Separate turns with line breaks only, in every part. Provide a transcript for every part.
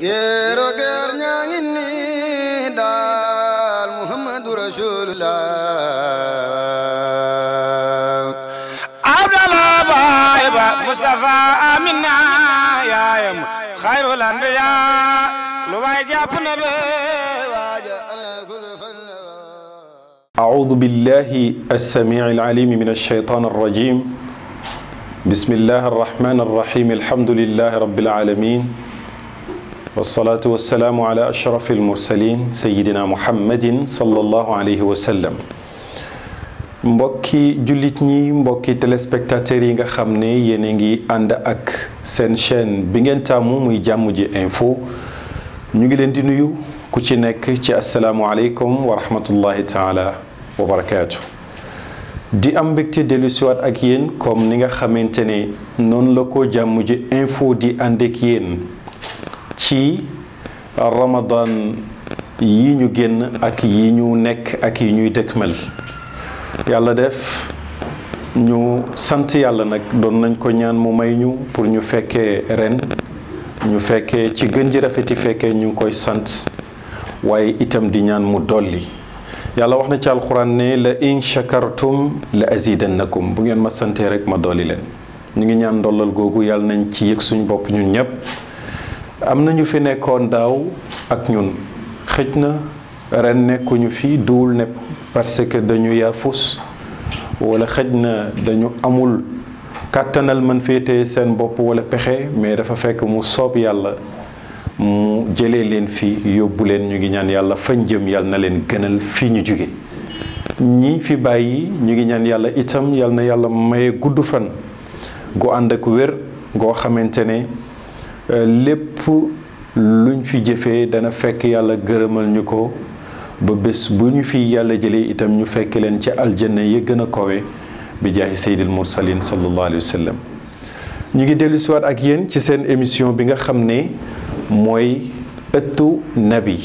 géero géer ñaa ngi nii daal muhammadu rasulullah
abdala baay ba mustafa amina
yaayam xayrul anbiya lu waay jàpp na be waaja أعوذ بالله السميع العليم من الشيطان الرجيم بسم الله الرحمن الرحيم الحمد لله رب العالمين wasalaatu wasalaamu ala ashrafi almursalin sayidina muhammadin sallallahu alayhi wa sallam mbokki jullit ñi mbokki téléspectateurs yi nga xam ne yéen a ngi ànd ak seen chaîne bi ngeen tàmmu muy jàmm ji info ñu ngi leen di nuyu ku ci nekk ci asalaamualeykum wa rahmatullahi taala wa barakaatu di am mbégte dellu ak yéen kom ni nga xamante ne noonu la ko jàmm ji info di ànd ak yéen ci ramadan yi ñu génn ak yi ñu nekk ak yi ñuy dëkk dëkkmal yàlla def ñu sant yàlla nag doon nañ ko ñaan mu may ñu pour ñu fekkee ren ñu fekkee ci gën ji rafeti fekkee ñu ngi koy sant waaye itam di ñaan mu dolli yàlla wax na ci alxuraan ne la in shakartum la azidannakum bu ngeen ma santee rek ma dolli leen ñu ngi ñaan ndollal googu yàlla nañ ci yëg suñu bopp ñun ñëpp am na ñu fi nekkoon daaw ak ñun xëj na ren nekkuñu fi duwul ne parce que dañu yaafus wala xëj na dañu amul kàttanal man féetee seen bopp wala pexe mais dafa fekk mu soob yàlla mu jëlee leen fi yóbbu leen ñu ngi ñaan yàlla fañ jëm yàlla na leen gënal fii ñu jóge ñi fi bàyyi ñu ngi ñaan yàlla itam yàlla na yàlla maye gudd fan gu ànd ak wér goo xamante ne Euh, lépp luñ fi jëfee dana fekk yàlla gërëmal ñu ko ba bés bu ñu fi yàlla jëlee itam ñu fekk leen ci aljanna yi gën a kowe bi jaahi sayyidil mursalin sallallahu alayhi wa sallam ñu ngi dellu siwaat ak yéen ci seen émission bi nga xam ne mooy ëttu nabi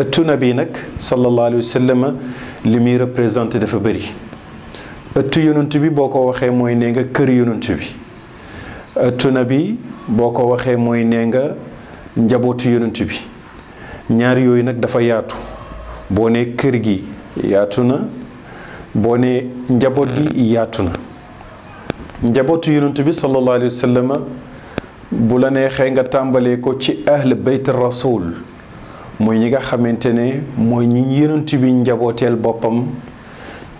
ëttu nabi nag sallallahu alayhi wa sallam li muy représenté dafa bëri ëttu yonent bi boo ko waxee mooy ne nga kër yonent bi tuna bi boo ko waxee mooy nee nga njabootu yonent bi ñaar yooyu nag dafa yaatu boo ne kër gi yaatu na boo ne njaboot gi yaatu na njabootu yonent bi sallallahu alayhi wa sallam bu la neexee nga tàmbalee ko ci ahl bayt rasul mooy ñi nga xamante ne mooy ñi yonent bi njabooteel boppam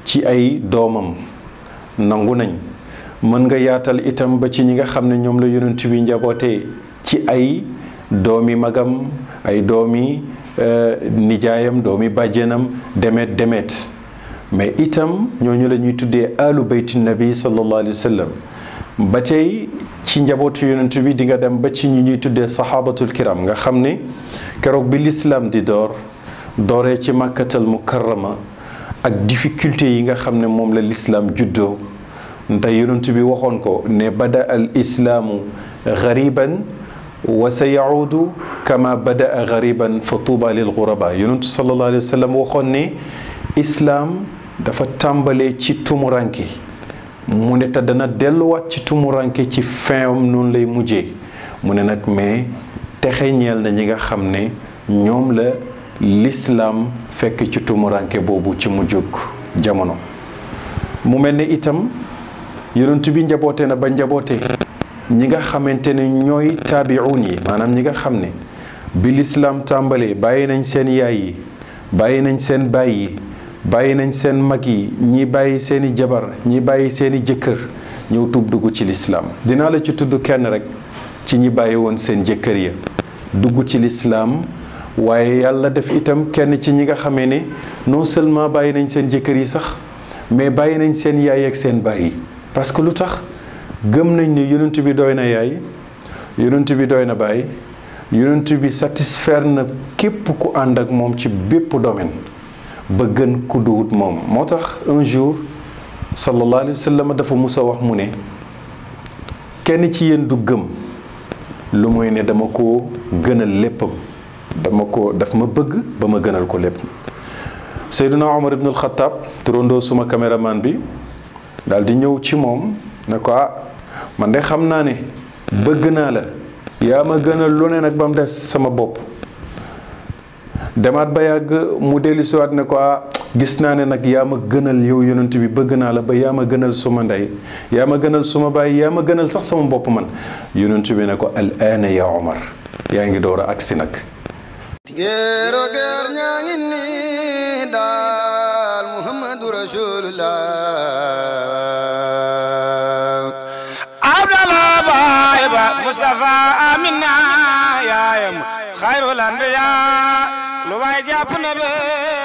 ci ay doomam nangu nañ mën nga yaatal itam ba ci ñi nga xam ne ñoom la yonent bi njaboote ci ay doomi magam ay doomi euh, nijaayam doomi bàjjenam demet demet mais itam ñooñu la ñuy tuddee alu bayti nabi sallallahu alayhi ba tey ci njabootu yonent bi di nga dem ba ci ñu ñuy tuddee saxaabatul kiram nga xam ne keroog bi lislaam di door dooree ci màkkatal mukarrama ak difficulté yi nga xam ne moom la lislaam juddoo tey yonent bi waxoon ko ne bada al islaamu gariban wa sa yaudu kama badaa gariban fa tuuba lil guraba yonentu sallallahu alayhi wa waxoon ne islaam dafa tàmbalee ci tumuranke mu ne te dana delluwaat ci tumuraanke ci finam noonu lay mujjee mu ne nag mais texeñeel na ñi nga xam ne ñoom la lislaam fekk ci tumuranke boobu ci mujjug jamono mu mel ne itam yonent bi njaboote na ba njaboote ñi nga xamante ne ñooy taabi'uun yi maanaam ñi nga xam ne bi lislaam tàmbalee bàyyi nañ seen yaay yi bàyyi nañ seen baay yi bàyyi nañ seen mag yi ñi bàyyi seeni jabar ñi bàyyi seeni jëkkër ñëw tuub dugg ci lislaam dinaa la ci tudd kenn rek ci ñi bàyyi woon seen jëkkër ya dugg ci lislaam waaye yàlla def itam kenn ci ñi nga xamee ne non seulement bàyyi nañ seen jëkkër yi sax mais bàyyi nañ seen yaay ak seen bàyyi parce que lu tax gëm nañ ni yonent bi doy na yaay yonent bi doy na baay yonent bi satisfaire na képp ku ànd ak moom ci bépp domaine ba gën ku duwut moom moo tax un jour sallallahu alayhi wa sallam dafa mus wax mu ne kenn ci yéen du gëm lu mooy ne dama ko gënal léppam dama ko daf ma bëgg ba ma gënal ko lépp Seydina Omar ibn al Khattab turandoo suma caméraman bi daal di ñëw ci moom ne ko ah man de xam naa ne bëgg naa la yaa ma gën a lu ne nag ba mu des sama bopp demaat ba yàgg mu dellusiwaat ne ko ah gis naa ne nag yaa ma gënal yow yonent bi bëgg naa la ba yaa ma gënal suma ndey yaa ma gënal suma baay yaa ma gënal sax sama bopp man yonent bi ne ko al aana ya Omar yaa ngi door a agsi nag mustafa amina yaayam xayrul anbiya lu waay jàpp na be